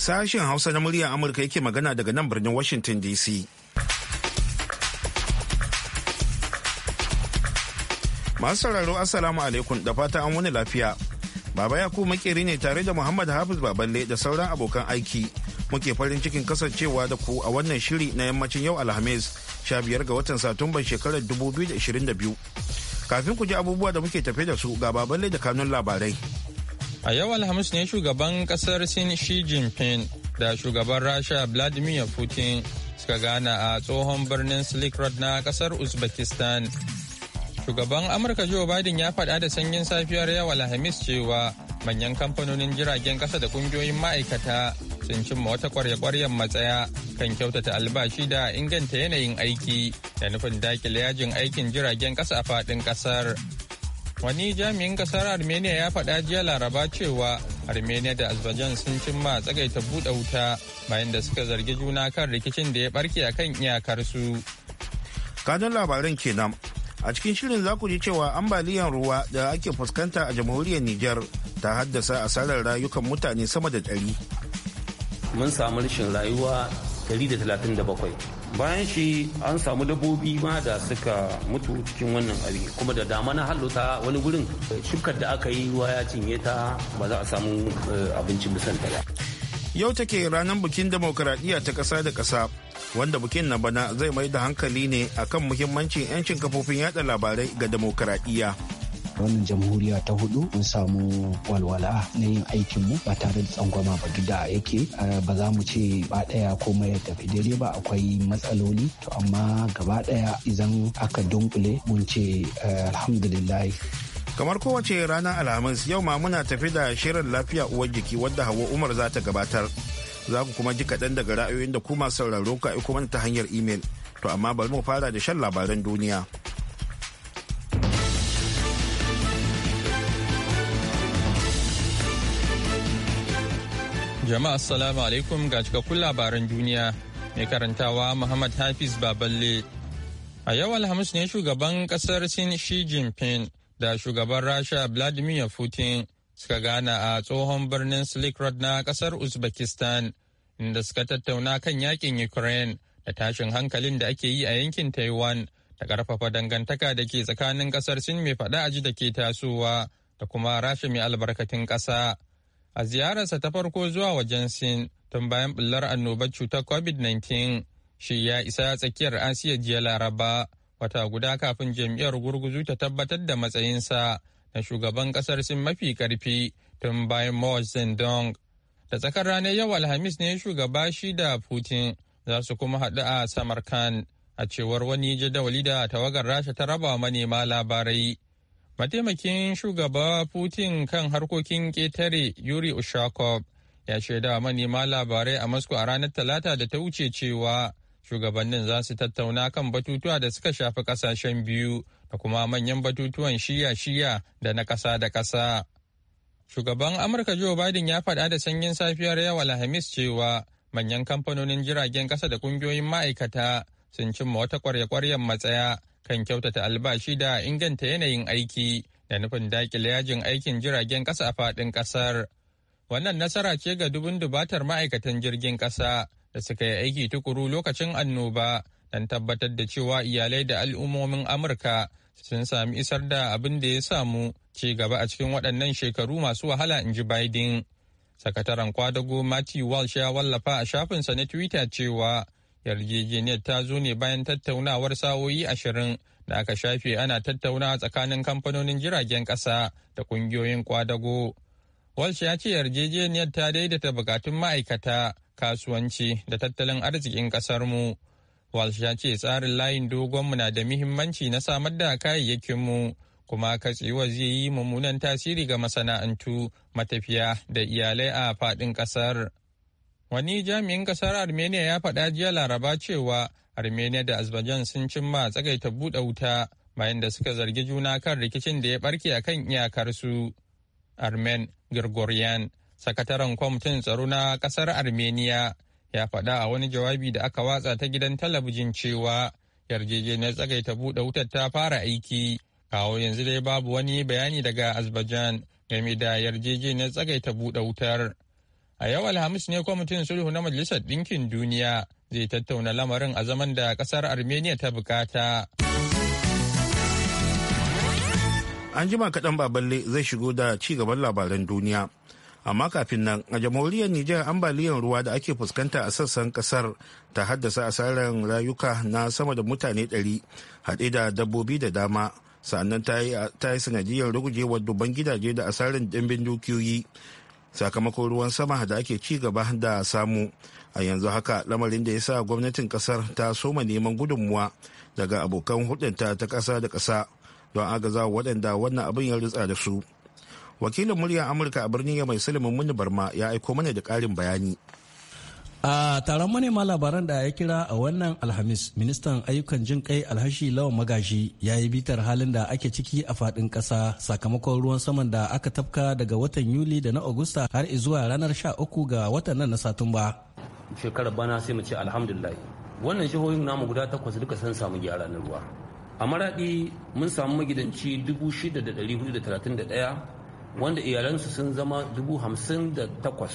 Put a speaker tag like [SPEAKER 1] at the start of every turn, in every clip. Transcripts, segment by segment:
[SPEAKER 1] Sashen Hausa na muryar Amurka yake magana daga nan birnin Washington DC. Masu sauraro Assalamu alaikum da fata an wani lafiya. Baba Yakubu makeri ne tare da Muhammad Hafiz Baballe da sauran abokan aiki. Muke farin cikin kasancewa da ku a wannan shiri na yammacin yau Alhamis, sha biyar ga watan Satumban shekarar 2022. Kafin ku ji abubuwa da muke tafe da su ga Baballe da kanun labarai.
[SPEAKER 2] A yau Alhamis ne shugaban kasar Sin Xi Jinping da shugaban Rasha Vladimir Putin suka gana a tsohon birnin Silk Road na kasar Uzbekistan. Shugaban Amurka Joe Biden ya faɗa da sanyin safiyar yau Alhamis cewa manyan kamfanonin jiragen kasa da kungiyoyin ma'aikata sun cimma wata kwarya-kwaryar matsaya kan kyautata albashi da inganta yanayin aiki da nufin dakile yajin aikin jiragen kasa a faɗin ƙasar. Wani jami'in kasar Armenia ya faɗa jiya Laraba cewa Armenia da Azerbaijan sun cimma tsagaita buɗe wuta bayan da suka zargi juna kan rikicin da ya barke a kan iyakarsu.
[SPEAKER 1] Kanun labaran kenan a cikin shirin za ku ji cewa ambaliyan ruwa da ake fuskanta a jamhuriyar Nijar ta haddasa asarar rayukan mutane sama da ɗari.
[SPEAKER 3] Mun samu rashin rayuwa 137 bayan shi an samu dabbobi ma da suka mutu cikin wannan abin kuma da dama na halota wani gurin shukar da aka yi wa ya cinye ta ba za a samu
[SPEAKER 4] eh, abinci musanta ba
[SPEAKER 3] yau take ranar bikin demokradiyya ta ƙasa da ƙasa
[SPEAKER 1] wanda bikin na bana zai mai da hankali ne akan muhimmancin 'yancin kafofin yada labarai ga demokradiyya.
[SPEAKER 5] wannan jamhuriya ta hudu mun samu walwala na yin aikin mu ba tare da tsangwama ba duk da yake ba za mu ce ba daya ko mai tafi dare ba akwai matsaloli to amma gaba daya idan aka dunkule mun ce alhamdulillah
[SPEAKER 1] kamar kowace ranar alhamis yau ma muna tafi da shirin lafiya uwar jiki wadda hawa umar za ta gabatar za ku kuma ji kaɗan daga ra'ayoyin da kuma sauraro ka aiko mana ta hanyar imel to amma bari mu fara da shan labaran duniya
[SPEAKER 2] Jama'a assalamu alaikum ga cikakkun labaran duniya mai karantawa Muhammad Hafiz Baballe. A yau Alhamis ne shugaban kasar Sin Shi Jinping da shugaban Rasha Vladimir Putin suka gana a tsohon birnin Slick Road na kasar Uzbekistan inda suka tattauna kan yakin Ukraine da tashin hankalin da ake yi a yankin Taiwan da karfafa dangantaka da ke tsakanin kasar Sin mai faɗa aji da ke tasowa da kuma Rasha mai albarkatun ƙasa. a ziyararsa ta farko zuwa wajen sin tun bayan bullar annobar cutar covid-19 shi ya isa tsakiyar asiya jiya laraba wata guda kafin jam'iyyar gurguzu ta tabbatar da matsayinsa na shugaban kasar sin mafi karfi tun bayan mao zedong da tsakar ranar yau alhamis ne shugaba shi da putin za su kuma haɗu a samarkand a cewar wani jadawali da tawagar rasha ta raba manema labarai Mataimakin shugaba Putin kan harkokin ƙetare Yuri Ushakov ya shaida manema labarai a Moscow a ranar Talata da ta wuce cewa shugabannin za su tattauna kan batutuwa da suka shafi ƙasashen biyu da kuma manyan batutuwan shiya-shiya da na ƙasa da ƙasa. Shugaban Amurka Joe Biden ya faɗa da sanyin safiyar yau Alhamis cewa manyan kamfanonin jiragen ƙasa da ƙungiyoyin ma'aikata sun cimma wata ƙwarya-ƙwaryen matsaya kan kyautata albashi da inganta yanayin aiki da nufin dakile yajin aikin jiragen ƙasa a faɗin ƙasar. Wannan nasara ce ga dubun dubatar ma'aikatan jirgin ƙasa da suka yi aiki tukuru lokacin annoba don tabbatar da cewa iyalai da al'ummomin Amurka sun sami isar da abin da ya samu ci gaba a cikin waɗannan shekaru masu wahala in ji Biden. Sakataren kwadago Matthew Walsh ya wallafa a shafinsa na Twitter cewa yarjejeniyar ta zo ne bayan tattaunawar sa'o'i ashirin da aka shafe ana tattaunawa tsakanin kamfanonin jiragen kasa da ƙungiyoyin kwadago. Walsh ya ce yarjejeniyar ta daidaita bukatun ma'aikata, kasuwanci da tattalin arzikin mu Walsh ya ce tsarin layin dogonmu na da muhimmanci na samar da kayayyakinmu, kuma katsewa zai yi mummunan tasiri ga masana'antu, matafiya da iyalai a faɗin ƙasar. Wani jami'in kasar Armenia ya faɗa jiya Laraba cewa Armenia da Azerbaijan sun cimma tsagaita buɗe wuta bayan da suka zargi juna kan rikicin da ya barke a kan iyakarsu. Armen Grigoryan, sakataren kwamitin tsaro na ƙasar Armenia, ya faɗa a wani jawabi da aka watsa ta gidan talabijin cewa yarjejeniyar tsagaita buɗe wutar ta fara aiki. Kawo yanzu dai babu wani bayani daga Azerbaijan game da yarjejeniyar tsagaita buɗe wutar. A yau Alhamis ne kwamitin sulhu na Majalisar Ɗinkin Duniya zai tattauna lamarin a zaman da ƙasar Armenia ta bukata.
[SPEAKER 1] An jima kaɗan baballe zai shigo da ci gaban labaran duniya. Amma kafin nan a jamhuriyar Nijar ambaliyar ruwa da ake fuskanta a sassan kasar ta haddasa asarar rayuka na sama da mutane 100 haɗe da dabbobi da dama. sannan ta yi sanadiyar rugujewar dubban gidaje da asarar dimbin dukiyoyi sakamakon ruwan sama da ake ci gaba da samu a yanzu haka lamarin da ya sa gwamnatin kasar ta soma neman gudunmuwa daga abokan hudunta ta kasa da kasa don agaza waɗanda wannan abin ya rutsa da su wakilin muryar amurka a birnin ya mai silimin muni barma ya aiko mana da ƙarin bayani
[SPEAKER 5] A taron manema labaran da ya kira a wannan Alhamis, ministan ayyukan jin kai alhashi lawan magashi ya yi bitar halin da ake ciki a fadin kasa sakamakon ruwan saman da aka tafka daga watan Yuli da na Agusta har zuwa ranar 13 ga watan nan na Satumba.
[SPEAKER 3] Shekarar bana sai mu ce alhamdulillah. Wannan shahohin namu guda takwas duka sun samu gyara na ruwa. A maraɗi mun samu magidanci 6,431 wanda iyalansu sun zama dubu takwas.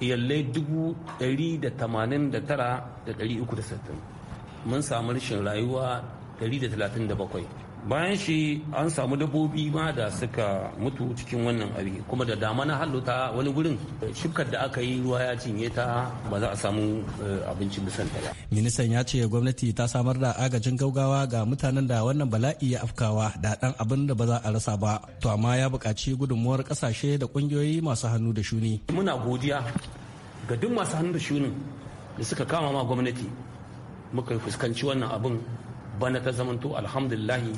[SPEAKER 3] iyalai dubu ɗari da tamanin da tara da ɗari uku da sittin mun samu rashin rayuwa ɗari da talatin da bakwai bayan shi an samu dabbobi ma da suka mutu cikin wannan abin kuma da dama na ta wani gurin shukar da aka yi ruwa ya cinye ta ba za a samu eh, abinci bisan ta ba
[SPEAKER 5] ministan ya ce gwamnati ta samar da agajin gaugawa ga mutanen da wannan bala'i ya afkawa da dan abin da ba za a rasa ba to amma ya buƙaci gudunmuwar kasashe da kungiyoyi masu hannu da shuni
[SPEAKER 3] muna godiya ga duk masu hannu da shuni da suka kama ma gwamnati muka fuskanci wannan abin bana ta zamanto alhamdulillahi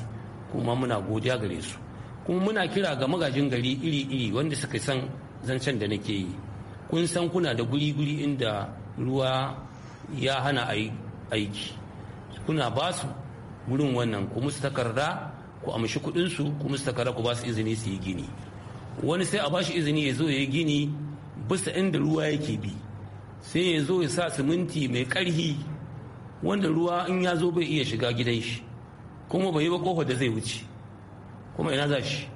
[SPEAKER 3] kuma muna godiya gare su kuma muna kira ga magajin gari iri-iri wanda suka san zancen da nake yi kun san kuna da guri-guri inda ruwa ya hana aiki kuna ba su gurin wannan kuma su takarda ku amshi kuɗinsu kuma su takarda ku ba su izini su yi gini wani sai a ba shi izini ya zo ya yi gini bisa inda ruwa yake bi sai ya zo ya sa siminti mai ƙarhi wanda ruwa in ya zo bai iya shiga gidan shi kuma bai yi ba kofar da zai wuce kuma ina za shi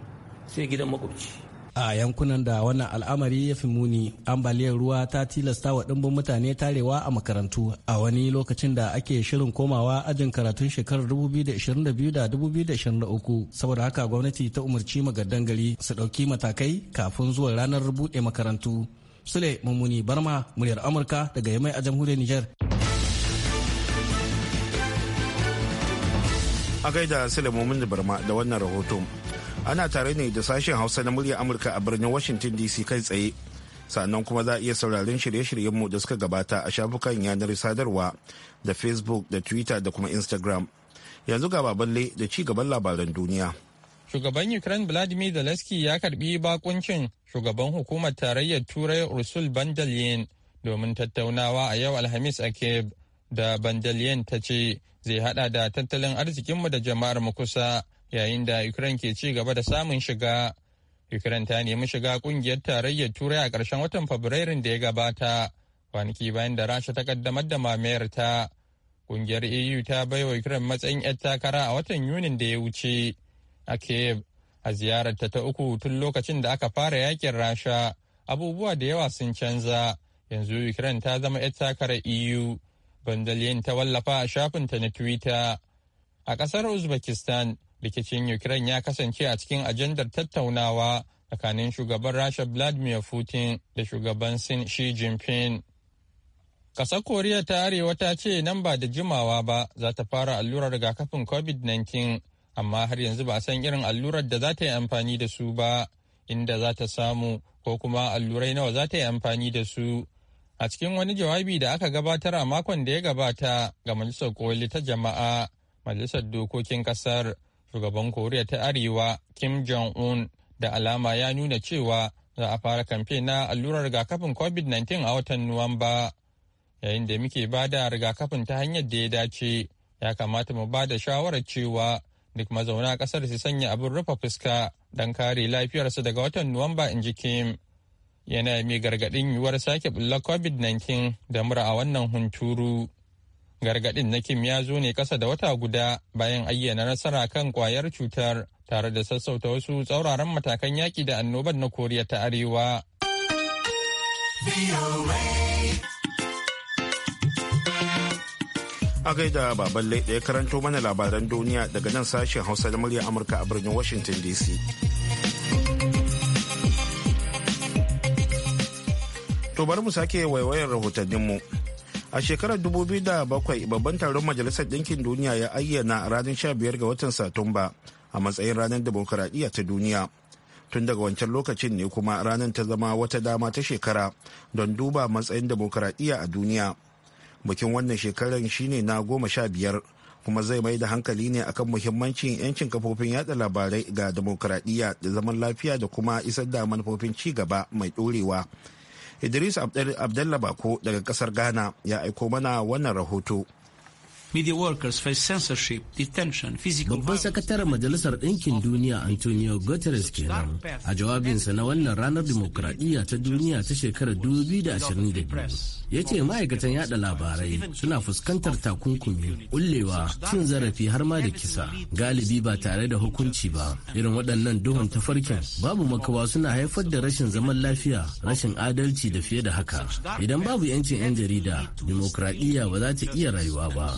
[SPEAKER 3] sai gidan makwabci
[SPEAKER 5] a yankunan da wannan al'amari ya fi muni ambaliyar ruwa ta tilasta wa ɗimbin mutane tarewa a makarantu a wani lokacin da ake shirin komawa ajin karatun shekarar 2022 2023 saboda haka gwamnati ta umarci magaddan gari su ɗauki matakai kafin zuwa ranar buɗe makarantu sule mummuni barma muryar amurka daga yamai a jamhuriyar Nijar.
[SPEAKER 1] A gaida da Barma da wannan rahoto Ana tare ne da sashen Hausa na murya Amurka a birnin Washington DC kai tsaye. Sannan kuma za a iya sauraron shirye-shiryenmu da suka gabata a shafukan yanar sadarwa da Facebook da Twitter da kuma Instagram. Yanzu ga baballe da ci gaban labaran duniya.
[SPEAKER 2] Shugaban Ukraine Vladimir Zelensky ya karbi bakuncin shugaban hukumar tarayyar Turai Ursul Bandalin domin tattaunawa a yau Alhamis a Kiev. da bandaliyan ta ce zai hada da tattalin arzikinmu da jama'ar mu kusa yayin da ukraine ke ci gaba da samun shiga ukraine ta nemi shiga kungiyar tarayyar turai a ƙarshen watan fabrairun da ya gabata kwanaki bayan da rasha ta kaddamar da mamayar ta kungiyar eu ta baiwa ukraine matsayin 'yar takara a watan yunin da ya wuce a kiev a ziyararta ta uku tun lokacin da aka fara yakin rasha abubuwa da yawa sun canza yanzu ukraine ta zama 'yar takarar eu Bandaliyan ta wallafa a shafinta na Twitter. A ƙasar Uzbekistan, rikicin Ukraine ya kasance a cikin ajandar tattaunawa tsakanin shugaban Rasha Vladimir Putin da shugaban Sin Xi Jinping. Ƙasar Koriya ta Arewa ta ce nan ba da jimawa ba za ta fara allurar rigakafin COVID-19, amma har yanzu ba a san irin allurar da za ta yi amfani da su ba, inda za ta samu ko kuma allurai nawa za ta yi amfani da su. A cikin wani jawabi da aka gabatar a makon da ya gabata ga Majalisar Koli ta Jama'a, Majalisar Dokokin Kasar, Shugaban Koriya ta Arewa Kim Jong-un da alama ya nuna cewa za a fara kamfe na allurar rigakafin COVID-19 a watan Nuwamba. Yayin da muke ba da rigakafin ta hanyar da ya dace, ya kamata mu ba da shawarar cewa duk mazauna ƙasar su sanya abin rufe fuska don kare lafiyarsu daga watan Nuwamba in ji Kim. yana mai gargaɗin yiwuwar sake bulla covid-19 da mura a wannan hunturu gargaɗin na kim ya zo ne ƙasa da wata guda bayan ayyana nasara kan kwayar cutar tare da sassauta wasu tsauraran matakan yaƙi da annobar na koriya ta arewa
[SPEAKER 1] a gaida baban ɗaya karanto mana labaran duniya daga nan sashen hausa da murya amurka a birnin washington dc To bari mu sake waiwayar rahotanninmu. A shekarar 2007 babban taron Majalisar Ɗinkin Duniya ya ayyana ranar 15 ga watan Satumba a matsayin ranar demokuraɗiyya ta duniya. Tun daga wancan lokacin ne kuma ranar ta zama wata dama ta shekara don duba matsayin demokuraɗiyya a duniya. Bikin wannan shekarar shine na goma sha biyar kuma zai mai da hankali ne akan muhimmancin 'yancin kafofin yada labarai ga demokuraɗiyya da zaman lafiya da kuma isar da manufofin ci gaba mai ɗorewa Idris Abdullah Bako daga kasar Ghana ya aiko mana wannan rahoto.
[SPEAKER 4] Babban sakataren Majalisar Ɗinkin Duniya Antonio Guterres kenan a jawabinsa na wannan ranar dimokuraɗiyya ta duniya ta shekarar 2022. ya ce ma'aikatan yada labarai suna fuskantar takunkumi kullewa cin zarafi har ma da kisa galibi ba tare da hukunci ba irin waɗannan duhun tafarkin babu makawa suna haifar da rashin zaman lafiya rashin adalci da fiye da haka idan babu yancin 'yan jarida dimokuraɗiyya ba za ta iya rayuwa ba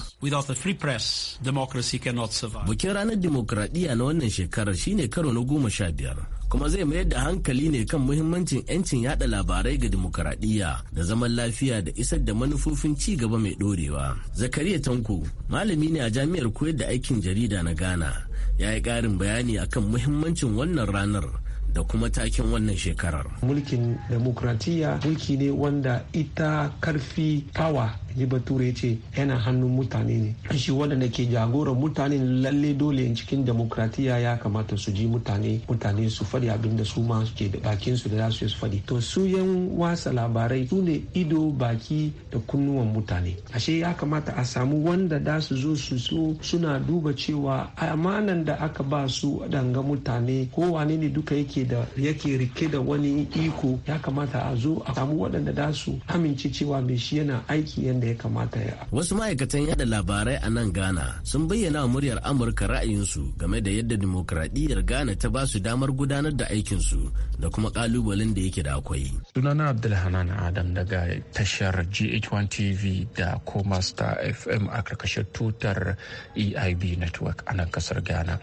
[SPEAKER 4] bukin ranar dimokuraɗiyya na wannan shekarar shine karo na goma sha biyar kuma zai mayar da hankali ne kan muhimmancin 'yancin yada labarai ga dimokuraɗiyya da zaman lafiya da isar da manufofin ci gaba mai ɗorewa. Zakariya Tanko malami ne a jami'ar koyar da aikin jarida na Ghana ya yi ƙarin bayani akan muhimmancin wannan ranar. da kuma takin wannan shekarar.
[SPEAKER 3] Mulkin demokratiya mulki ne wanda ita karfi power n'i bature ya ce yana hannun mutane ne shi waɗanda ke jagoran mutane lalle dole cikin demokratiya ya kamata su ji mutane mutane su faɗi abinda su ma ke da bakin su da za su su faɗi to su yan wasa labarai su ne ido baki da kunnuwan mutane ashe ya kamata a samu wanda da su zo su so suna duba cewa amanan da aka ba su danga mutane ko wane ne duka yake da yake rike da wani iko ya kamata a zo a samu waɗanda da su amince cewa mai shi yana aiki yanda ya kamata ya
[SPEAKER 4] wasu ma'aikatan yada labarai a nan ghana sun bayyana muryar amurka ra'ayinsu game da yadda dimokuraɗiyyar ghana ta ba su damar gudanar da aikinsu da kuma ƙalubalen da yake da akwai sunana
[SPEAKER 5] abdulhanan adam daga tashar gh1 tv da kuma star fm a karkashin tutar eib network a nan kasar ghana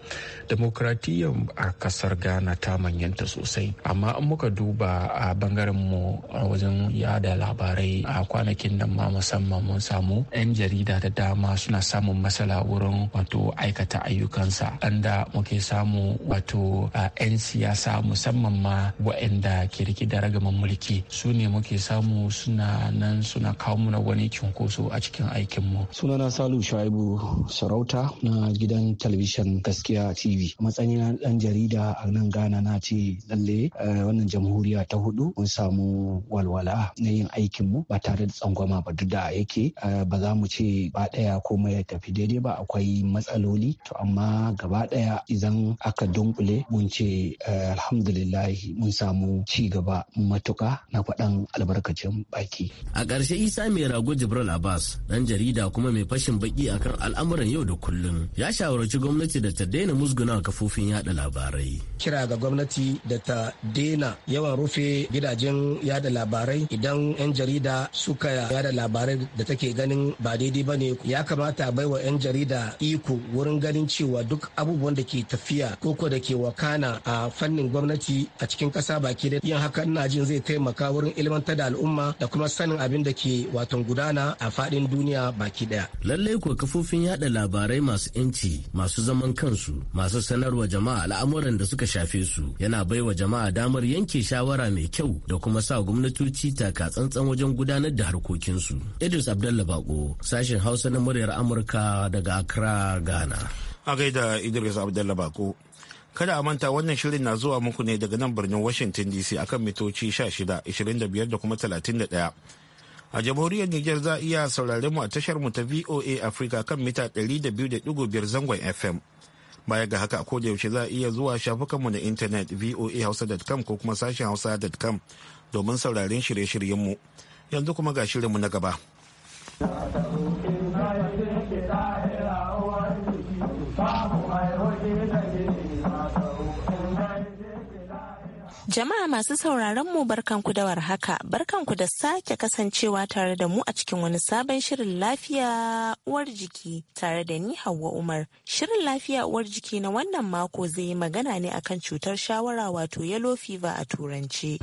[SPEAKER 5] dimokuraɗiyyar a kasar ghana ta manyanta sosai amma in muka duba a bangaren mu a wajen yada labarai a kwanakin nan ma musamman musamman mun samu 'yan jarida da dama suna samun matsala wurin wato aikata ayyukansa anda muke samu wato 'yan siyasa musamman ma waɗanda ke rike da ragaman mulki su ne muke samu suna nan suna kawo muna wani cunkoso a cikin aikinmu. sunana salu shaibu sarauta na gidan talabishin gaskiya tv matsayin ɗan dan jarida a nan gana na ce lalle wannan jamhuriya ta hudu mun samu walwala na yin aikinmu ba tare da tsangwama ba duk da yake ba za mu ce ba ɗaya komai ya tafi daidai ba akwai matsaloli to amma gaba ɗaya idan aka dunkule mun ce alhamdulillah mun samu ci gaba matuka na faɗan albarkacin
[SPEAKER 4] baki. A ƙarshe Isa mai rago Jibril Abbas ɗan jarida kuma mai fashin baki akan al'amuran yau da kullum ya shawarci gwamnati da ta daina musguna kafofin yada labarai. Kira ga gwamnati da ta daina yawan rufe gidajen yada labarai idan 'yan jarida suka yada labarai da take ganin ba daidai ba ne ya kamata bai wa 'yan jarida iko wurin ganin cewa duk abubuwan da ke tafiya koko da ke wakana a fannin gwamnati a cikin kasa baki da yin haka ina jin zai taimaka wurin ilmantar da al'umma da kuma sanin abin da ke watan gudana a fadin duniya baki ɗaya. Lallai ko kafofin yada labarai masu 'yanci masu zaman kansu masu sanarwa jama'a al'amuran da suka shafe su yana baiwa jama'a damar yanke shawara mai kyau da kuma sa gwamnatoci taka tsantsan wajen gudanar da harkokinsu. Idris Abdalla Bako, sashen Hausa na muryar Amurka daga Accra, Ghana.
[SPEAKER 1] A gaida Idris Abdalla Bako. Kada a manta wannan shirin na zuwa muku ne daga nan birnin Washington DC akan mitoci 16, 25 da kuma 31. a jamhuriyar Nijar za iya saurare mu a tashar mu ta VOA Africa kan mita 200.5 zangon FM. Baya ga haka ko da yaushe za iya zuwa shafukan mu na intanet voahausa.com ko kuma sashen hausa.com domin sauraren shirye-shiryen mu. Yanzu kuma ga shirinmu na gaba.
[SPEAKER 6] Jama'a masu sauraron mu barkanku da warhaka, barkanku da sake kasancewa tare da mu a cikin wani sabon shirin lafiya uwar jiki tare da ni Hauwa Umar. Shirin lafiya uwar jiki na wannan mako zai yi magana ne akan cutar shawara wato yellow fever a turance.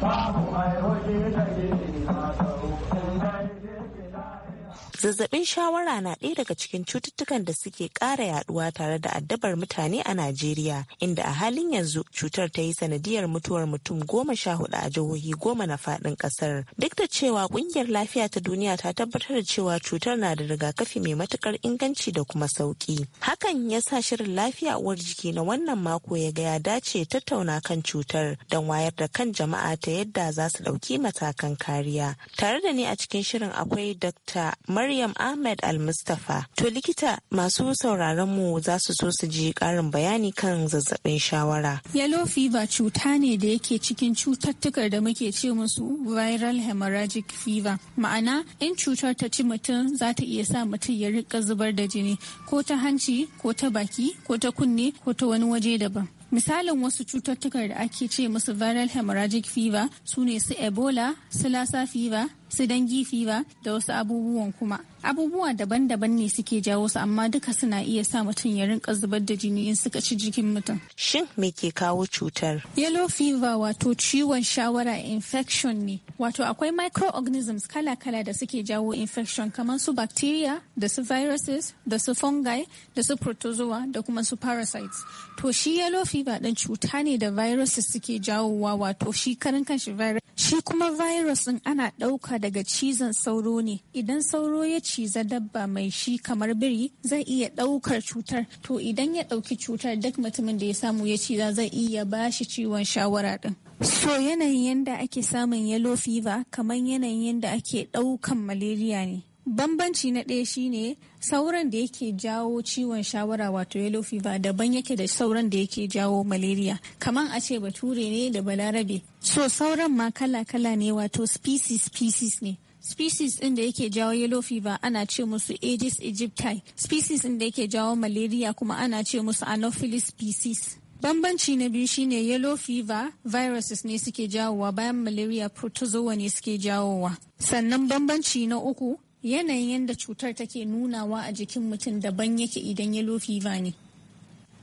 [SPEAKER 6] Zazzabin shawara na ɗaya daga cikin cututtukan da suke ƙara yaduwa tare da addabar mutane a Najeriya, inda a halin yanzu cutar ta yi sanadiyar mutuwar mutum goma sha hudu a jihohi goma na faɗin ƙasar. Duk da cewa ƙungiyar lafiya ta duniya ta tabbatar da cewa cutar na da rigakafi mai matuƙar inganci da kuma sauƙi. Hakan ya sa shirin lafiya uwar jiki na wannan mako ya ga ya dace tattauna kan cutar don wayar da kan jama'a ta yadda za su ɗauki matakan kariya. Tare da ni a cikin shirin akwai Dr. Maryam Maryam Ahmed Al-Mustafa. To likita masu sauraron mu za su so su ji karin bayani kan zazzabin shawara.
[SPEAKER 7] Yellow fever cuta ne da yake cikin cututtukar da muke ce musu viral hemorrhagic fever. Ma'ana in cutar ta ci mutum za ta iya sa mutum ya rika zubar da jini ko ta hanci ko ta baki ko ta kunne ko ta wani waje daban. Misalin wasu cututtukar da ake ce musu viral hemorrhagic fever su ne su Ebola, su Lassa fever, su dan gifi ba da wasu abubuwan kuma abubuwa daban-daban ne suke jawo su amma duka suna iya sa mutum ya rinka zubar da jini in suka ci jikin mutum shin me ke
[SPEAKER 6] kawo cutar
[SPEAKER 7] yellow fever wato ciwon shawara infection ne wato akwai microorganisms kala-kala da suke jawo infection kamar su bacteria da su viruses da su fungi da su protozoa da kuma su parasites to shi yellow fever din cuta ne da viruses suke jawowa wato shi karan kanshi virus shi kuma virus din ana ɗauka daga cizon sauro ne idan sauro ya ciza dabba mai shi kamar biri zai iya daukar cutar to idan ya dauki cutar duk mutumin da ya samu ya ciza zai iya ba shi ciwon shawara ɗin So yanayin yadda ake samun yellow fever kamar yanayin yadda ake ɗaukan malaria ne. bambanci na ɗaya shine sauran da yake jawo ciwon shawara wato yellow fever daban yake da sauran da yake jawo malaria kamar a ce bature ne da balarabe so sauran ma kala-kala ne wato species species ne species ɗin da yake jawo yellow fever ana ce musu aegis aegypti species ɗin da yake jawo malaria kuma ana ce musu anopheles species Bambanci na biyu shine yellow fever viruses ne suke jawowa bayan malaria protozoa ne suke jawowa. Sannan bambanci na uku yanayin yadda cutar take nunawa a jikin mutum daban yake idan yellow fever ne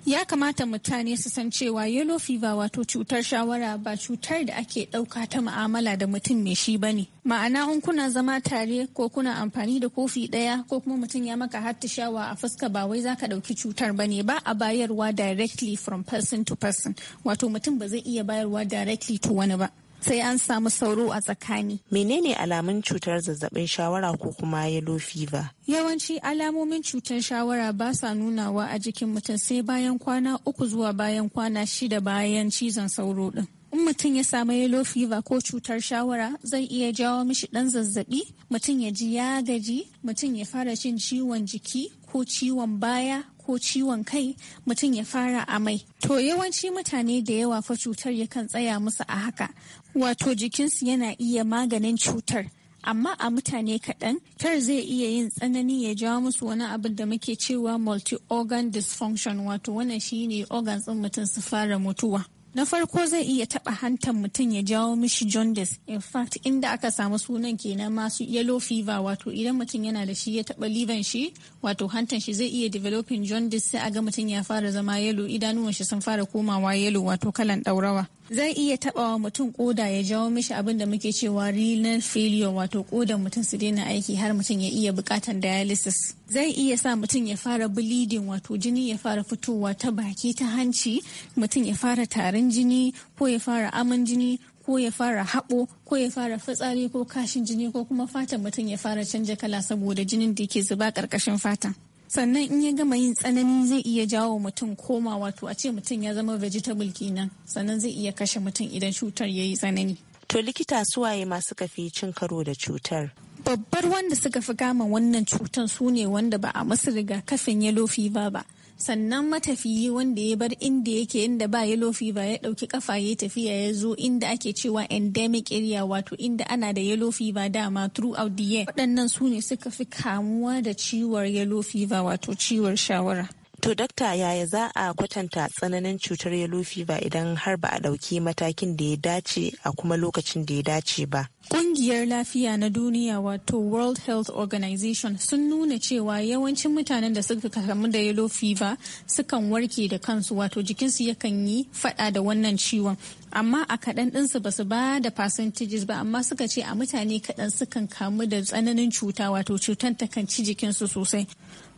[SPEAKER 7] ya kamata mutane su san cewa yellow fever wato cutar shawara ba cutar da ake ɗauka ta mu'amala da mutum mai shi ba ne. ma'ana in kuna zama tare ko kuna amfani da kofi ɗaya ko kuma mutum ya maka shawa a fuska ba wai zaka ɗauki cutar ba ne ba a bayarwa directly from person to person wato mutum ba zai iya bayarwa directly to wani ba sai an samu sauro a tsakani. Menene
[SPEAKER 6] alamun cutar zazzabin shawara ko kuma yellow fever?
[SPEAKER 7] Yawanci alamomin cutar shawara ba sa nunawa a jikin mutum sai bayan kwana uku zuwa bayan kwana shida bayan cizon sauro din. In mutum ya samu yellow fever ko cutar shawara zai iya jawo mishi ɗan zazzabi, mutum ya ji ya gaji, mutum ya fara jin ciwon jiki ko ciwon baya ko ciwon kai mutum ya fara amai. To yawanci mutane da yawa fa cutar ya kan tsaya musu a haka Wato jikinsu yana iya maganin cutar. Amma a mutane kaɗan, tar zai iya yin tsanani ya jawo musu wani abin da muke cewa multi-organ dysfunction wato wannan ne organs ɗin mutum su fara mutuwa. Na farko zai iya taɓa hantan mutum ya jawo mishi jaundice. In fact, inda aka samu sunan kenan masu yellow fever wato idan mutum yana da shi ya taɓa liver shi wato hantan shi zai iya developing jaundice sai a ga mutum ya fara zama yellow idanuwan shi sun fara komawa yellow wato kalan ɗaurawa. zai iya taɓa wa mutum koda ya jawo mishi abin da muke cewa renal failure wato kodan mutum su daina aiki har mutum ya iya bukatar dialysis zai iya sa mutum ya fara bleeding wato jini ya fara fitowa ta baki ta hanci mutum ya fara tarin jini ko ya fara aman jini ko ya fara haɓo ko ya fara fitsari ko kashin jini ko kuma fatan mutum ya fara canja kala saboda jinin da ke zuba ƙarƙashin fata. sannan in ya gama yin tsanani zai iya jawo mutum koma wato a ce mutum ya zama vegetable kenan sannan zai iya kashe mutum idan cutar ya yi tsanani to likita suwaye masu kafi cin karo da cutar babbar wanda suka fi kama wannan cutar su ne wanda ba a masu rigakafin yellow fever ba sannan matafiyi wanda ya bar inda yake inda ba yellow fever ya dauki kafa ya tafiya ya zo inda ake cewa endemic area wato inda ana da yellow fever dama throughout the year waɗannan su ne suka fi kamuwa da ciwon yellow fever wato ciwon shawara
[SPEAKER 6] To dakta yaya za a kwatanta tsananin cutar yellow fever idan har ba a ɗauki matakin da ya dace a kuma lokacin da ya dace ba?
[SPEAKER 7] Ƙungiyar lafiya na duniya wato World Health Organization sun nuna cewa yawancin mutanen da suka kamu da yellow fever sukan warke da kansu wato jikinsu yakan yi fada da wannan ciwon. Amma a kaɗan ɗinsu ba su ba da percentages ba amma suka ce a mutane kaɗan sukan kamu da tsananin cuta wato cutar takan ci jikinsu sosai.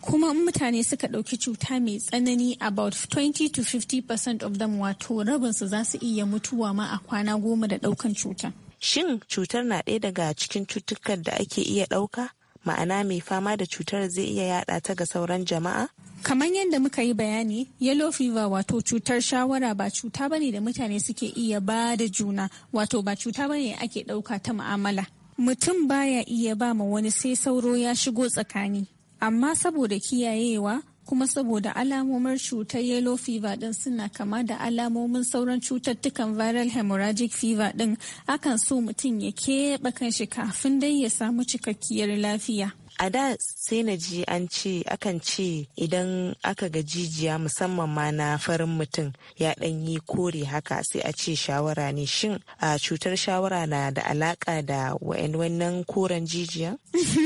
[SPEAKER 7] kuma mutane suka ɗauki cuta mai tsanani about 20 to 50 of them wato rabinsu za su iya mutuwa ma a kwana goma da ɗaukan cuta.
[SPEAKER 6] Shin cutar na ɗaya daga cikin cutukan da ake iya ɗauka? Ma'ana mai fama da cutar zai iya yaɗa ta ga sauran jama'a?
[SPEAKER 7] Kamar yadda muka yi bayani, yellow fever wato cutar shawara ba cuta bane da mutane suke iya ba da juna, wato ba cuta bane ake ɗauka ta mu'amala. Mutum baya iya ba ma wani sai sauro ya shigo tsakani. amma saboda kiyayewa kuma saboda alamomin cutar yellow fever din suna kama da alamomin sauran cututtukan viral hemorrhagic fever din akan so mutum ya keɓe kanshi kafin dai ya samu cikakkiyar lafiya.
[SPEAKER 6] a da sai na ji an ce akan ce idan aka ga jijiya musamman ma na farin mutum ya dan yi kore haka sai a ce shawara ne shin a cutar shawara na da alaka da wannan koren jijiya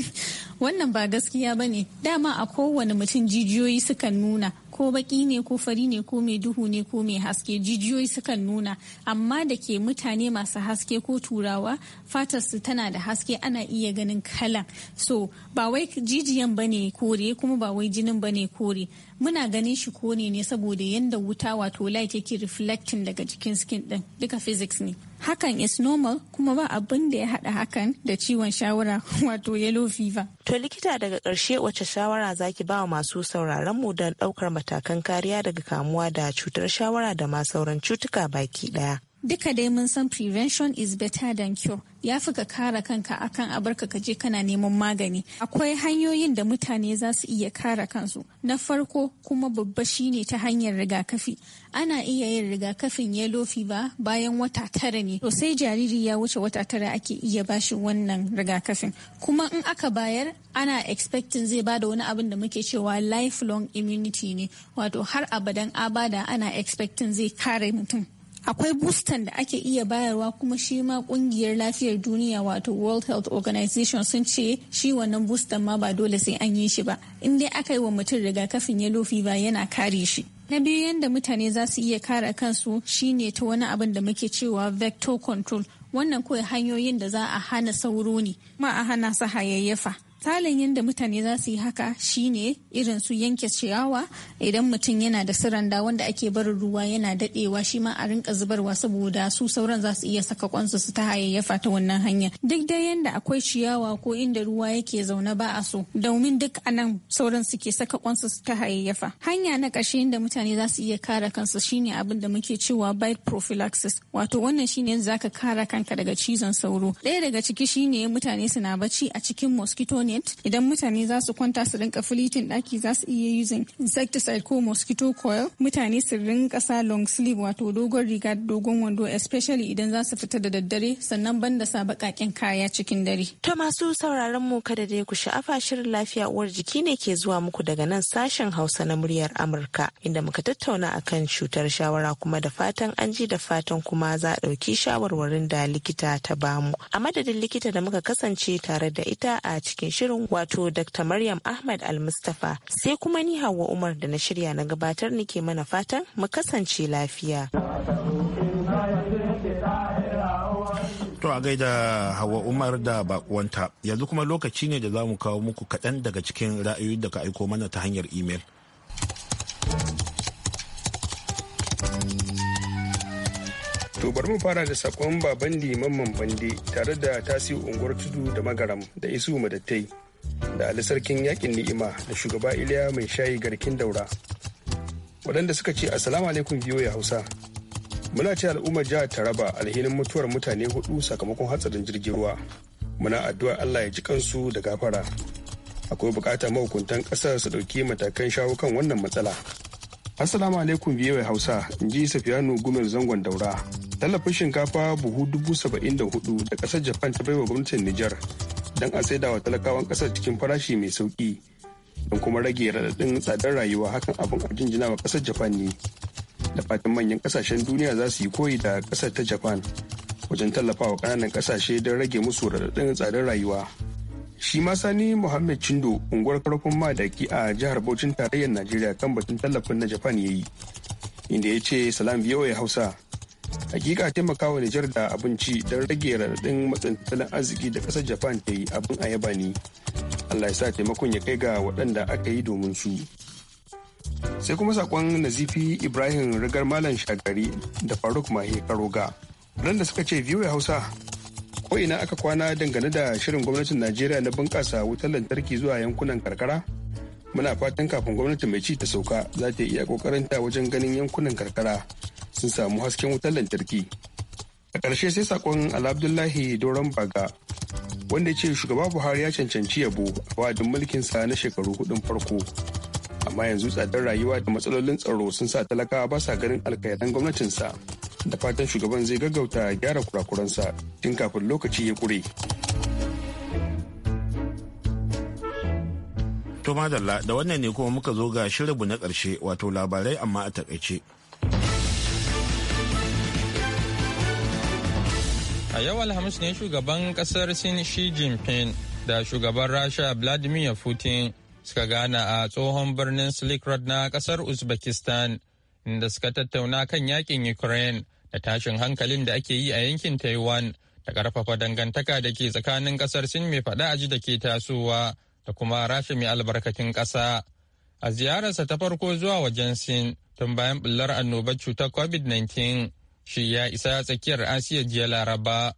[SPEAKER 7] wannan ba gaskiya bane dama a kowane mutum jijiyoyi sukan nuna ko baki ne ko fari ne ko mai duhu ne ko mai haske jijiyoyi sukan nuna amma da ke mutane masu haske ko turawa fatar su tana da haske ana iya ganin kalan so ba wai jijiyan bane kore kuma ba wai jinin bane kore muna ganin shi kone ne saboda yanda wuta wato light yake reflecting daga jikin skin din duka physics ne hakan is normal kuma ba abin da ya haɗa hakan da ciwon shawara wato yellow fever.
[SPEAKER 6] To likita daga ƙarshe wace shawara zaki ba wa masu sauraron mu don ɗaukar matakan kariya daga kamuwa da cutar shawara da ma sauran cutuka baki ɗaya.
[SPEAKER 7] duka dai mun san prevention is better than cure ya fi ka kare kanka akan abarka ka je kana neman magani akwai hanyoyin da mutane za su iya kare kansu na farko kuma babba shine ta hanyar rigakafi ana iya yin rigakafin yellow fever bayan wata tara ne to sai jariri ya wuce wata tara ake iya bashi wannan rigakafin kuma in aka bayar ana expecting zai bada wani abin da muke cewa lifelong immunity ne wato har abadan abada ana expecting zai kare mutum akwai bustan da ake iya bayarwa kuma shi ma kungiyar lafiyar duniya wato world health organization sun ce shi wannan bustan ma ba dole sai an yi shi ba in dai aka yi wa mutum rigakafin yellow fever yana kare shi na biyu yadda mutane za su iya kare kansu shine ta wani abin da muke cewa vector control wannan kawai hanyoyin da za a hana sauro ne ma a hana su hayayyafa misalin yadda mutane za su yi haka shine irin su yanke ciyawa idan mutum yana da siranda wanda ake barin ruwa yana dadewa shi ma a rinka zubarwa saboda su sauran za su iya saka kwansu su ta hayayyafa ta wannan hanya duk dai yanda akwai ciyawa ko inda ruwa yake zaune ba a so domin duk a nan sauran su ke saka kwansu su ta hayayyafa hanya na ƙarshe inda mutane za su iya kare kansu shine abin da muke cewa bite prophylaxis wato wannan shine yadda ka kare kanka daga cizon sauro ɗaya daga ciki shine mutane suna bacci a cikin mosquito ne net idan mutane za su kwanta su rinka filitin daki za su iya using insecticide ko mosquito coil mutane su rinka sa long sleeve wato dogon riga dogon wando especially idan za su fita da daddare sannan banda sa bakaken kaya cikin dare. To masu sauraron mu kada dai ku sha'afa shirin lafiya uwar jiki
[SPEAKER 6] ne ke zuwa muku daga nan sashen Hausa na muryar Amurka inda muka tattauna akan cutar shawara kuma da fatan an ji da fatan kuma za a ɗauki shawarwarin da likita ta bamu. A madadin likita da muka kasance tare da ita a cikin shirin shirin wato Dr. Maryam Ahmad Al-Mustafa sai kuma ni Hauwa Umar da na shirya na gabatar nike mana fatan mu kasance lafiya.
[SPEAKER 1] To a gaida Hawa Umar da bakuwanta yanzu kuma lokaci ne da za mu kawo muku kaɗan daga cikin ra'ayoyin da ka aiko mana ta hanyar
[SPEAKER 8] imel. To bari mu fara da sakon baban liman bande tare da tasiri unguwar tudu da magaram da isu madattai da ali sarkin yakin ni'ima da shugaba iliya mai shayi garkin daura. Waɗanda suka ce assalamu alaikum ya hausa. Muna ce al'ummar jihar Taraba alhinin mutuwar mutane hudu sakamakon hatsarin jirgin ruwa. Muna addu'a Allah ya ji kansu da gafara. Akwai bukatar mahukuntan ƙasa su ɗauki matakan shawo kan wannan matsala. Assalamu alaikum Hausa, in ji Safiyanu Gumel zangon daura. Tallafin shinkafa buhu dubu saba'in da hudu da kasar Japan ta baiwa gwamnatin Nijar don a saida wa talakawan kasar cikin farashi mai sauki don kuma rage raɗaɗin tsadar rayuwa hakan abin a jinjina wa kasar Japan ne. Da fatan manyan kasashen duniya za su yi koyi da kasar ta Japan wajen tallafawa ƙananan ƙasashe don rage musu raɗaɗin tsadar rayuwa. shi ma sani muhammed chindo unguwar karfin madaki a jihar Bauchin tarayyar najeriya kan batun tallafin na japan ya yi inda ya ce salam ya hausa hakika taimakawa nijar da abinci don rage raɗaɗin matsin tattalin arziki da ƙasar japan ta yi abin ayaba ne allah ya sa taimakon ya kai ga waɗanda aka yi domin su sai kuma sakon nazifi ibrahim rigar malam shagari da faruk mahe karoga waɗanda suka ce ya hausa ko ina aka kwana dangane da shirin gwamnatin najeriya na bunƙasa wutar lantarki zuwa yankunan karkara muna fatan kafin gwamnati mai ci ta sauka za ta iya ta wajen ganin yankunan karkara sun samu hasken wutar lantarki a ƙarshe sai sakon alabdullahi doron baga wanda ya ce shugaba buhari ya cancanci yabo a mulkin sa na shekaru hudun farko amma yanzu tsadar rayuwa da matsalolin tsaro sun sa talakawa ba sa ganin alkairan gwamnatinsa. da fatan shugaban zai gaggauta gyara kurakuransa tun kafin lokaci ya kure. To madalla da wannan ne kuma muka
[SPEAKER 1] zo ga shirinmu na ƙarshe wato labarai amma a takaice.
[SPEAKER 2] A yau Alhamis ne shugaban kasar Sin Xi Jinping da shugaban Rasha Vladimir Putin suka gana a tsohon birnin Slikrod na kasar Uzbekistan inda suka tattauna kan yakin Ukraine da tashin hankalin da ake yi a yankin taiwan da karfafa dangantaka da ke tsakanin ƙasar sin mai faɗa aji da ke tasowa da kuma rasha mai albarkatun ƙasa a ziyararsa ta farko zuwa wajen sin tun bayan bullar annobar cutar covid-19 shi ya isa tsakiyar asiya jiya laraba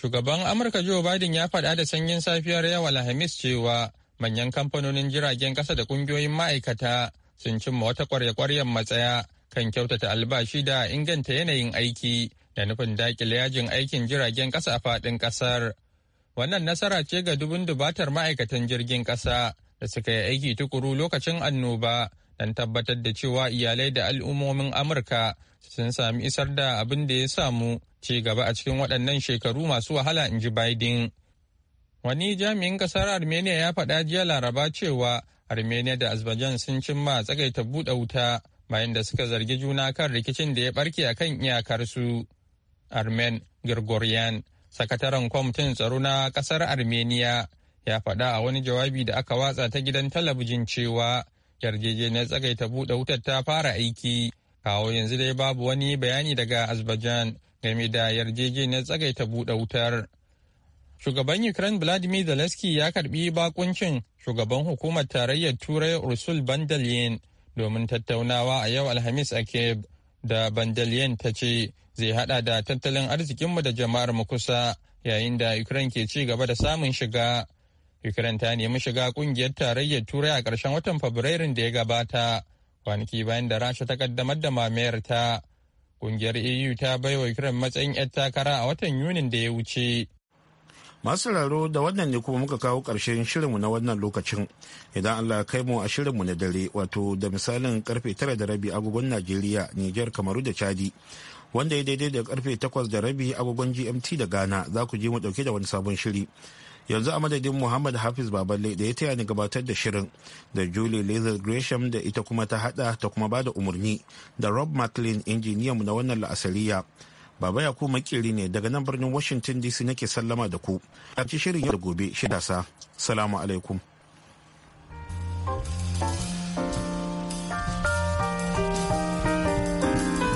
[SPEAKER 2] shugaban amurka joe biden ya faɗa da sanyin safiyar yau alhamis cewa manyan kamfanonin jiragen ƙasa da ƙungiyoyin ma'aikata sun cimma wata kwarya-kwaryar matsaya kan kyautata albashi da inganta yanayin aiki da nufin dakile yajin aikin jiragen ƙasa a faɗin ƙasar. Wannan nasara ce ga dubun dubatar ma'aikatan jirgin ƙasa da suka yi aiki tukuru lokacin annoba don tabbatar da cewa iyalai da al'ummomin Amurka sun sami isar da abin da ya samu ci gaba a cikin waɗannan shekaru masu wahala in ji Biden. Wani jami'in ƙasar Armenia ya faɗa jiya Laraba cewa Armenia da Azerbaijan sun cimma tsagaita buɗe wuta bayan da suka zargi juna kan rikicin da ya barke a kan iyakarsu. Armen Gregorian, sakataren kwamitin tsaro na ƙasar Armenia, ya faɗa a wani jawabi da aka watsa ta gidan talabijin cewa yarjejeniyar tsagaita buɗe wutar ta fara aiki. Kawo yanzu dai babu wani bayani daga Azerbaijan game da yarjejeniyar tsagaita buɗe wutar. Shugaban Ukraine Vladimir Zelensky ya karbi bakuncin shugaban hukumar tarayyar Turai Ursul Bandalin domin tattaunawa a yau alhamis a da bandaliyan ta ce zai hada da tattalin arzikinmu da jama'ar mu kusa yayin da ukraine ke ci gaba da samun shiga ukraine ta nemi shiga kungiyar tarayyar turai a ƙarshen watan fabrairun da ya gabata kwanaki bayan da rasha ta kaddamar da mamayar ta kungiyar eu ta baiwa ukraine matsayin 'yar takara a watan yunin da ya wuce masu
[SPEAKER 1] raro da wannan ne kuma muka kawo ƙarshen shirinmu na wannan lokacin idan allah kai mu a shirinmu na dare wato da misalin karfe tara da rabi agogon najeriya niger kamaru da chadi wanda ya daidai da karfe takwas da rabi agogon gmt da ghana za ku je mu dauke da wani sabon shiri yanzu a madadin muhammad hafiz baballe da ya taya ni gabatar da shirin da julie lazar gresham da ita kuma ta hada ta kuma bada umarni da rob mclean injiniyanmu na wannan la'asariya Baba ya kuma makiri ne daga nan birnin Washington DC nake sallama da ku. A shirin yau da gobe shida sa. Salamu alaikum.